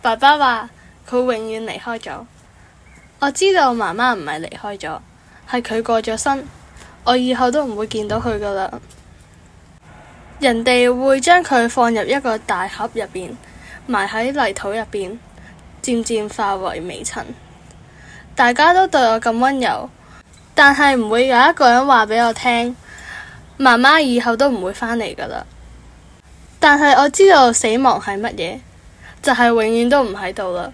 爸爸話佢永遠離開咗，我知道媽媽唔係離開咗，係佢過咗身，我以後都唔會見到佢噶啦。人哋會將佢放入一個大盒入邊，埋喺泥土入邊，漸漸化為微塵。大家都對我咁溫柔，但係唔會有一個人話畀我聽，媽媽以後都唔會返嚟噶啦。但係我知道死亡係乜嘢。但遠走就係永遠都唔喺度啦，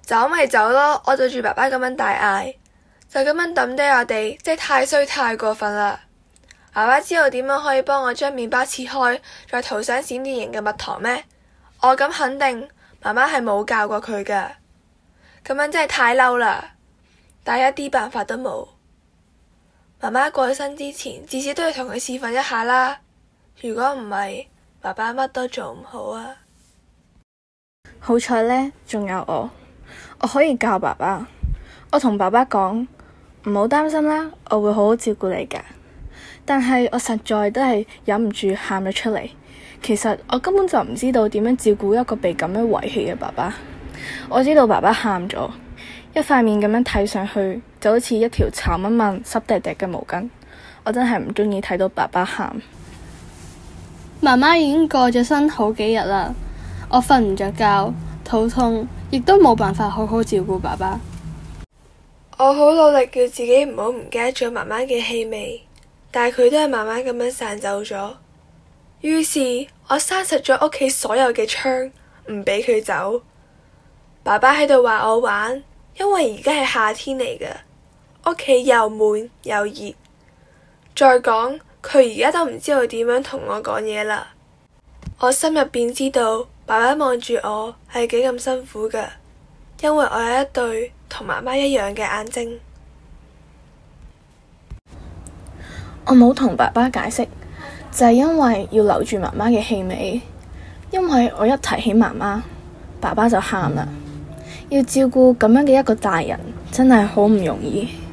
走咪走咯。我對住爸爸咁樣大嗌，就咁樣抌低我哋，真係太衰太過分啦。爸爸知道點樣可以幫我將麵包切開，再塗上閃電型嘅蜜糖咩？我咁肯定，媽媽係冇教過佢㗎。咁樣真係太嬲啦，但係一啲辦法都冇。媽媽過身之前，至少都要同佢示範一下啦。如果唔係，爸爸乜都做唔好啊。好彩呢，仲有我，我可以教爸爸。我同爸爸講，唔好擔心啦，我會好好照顧你噶。但係我實在都係忍唔住喊咗出嚟。其實我根本就唔知道點樣照顧一個被咁樣遺棄嘅爸爸。我知道爸爸喊咗，一塊面咁樣睇上去就好似一條慘一蚊濕滴滴嘅毛巾。我真係唔鍾意睇到爸爸喊。媽媽已經過咗身好幾日啦，我瞓唔着覺。肚痛，亦都冇辦法好好照顧爸爸。我好努力叫自己唔好唔記得咗媽媽嘅氣味，但係佢都係慢慢咁樣散走咗。於是，我閂實咗屋企所有嘅窗，唔俾佢走。爸爸喺度話我玩，因為而家係夏天嚟㗎，屋企又悶又熱。再講，佢而家都唔知道點樣同我講嘢啦。我心入邊知道。爸爸望住我，係幾咁辛苦噶，因為我有一對同媽媽一樣嘅眼睛。我冇同爸爸解釋，就係因為要留住媽媽嘅氣味，因為我一提起媽媽，爸爸就喊啦。要照顧咁樣嘅一個大人，真係好唔容易。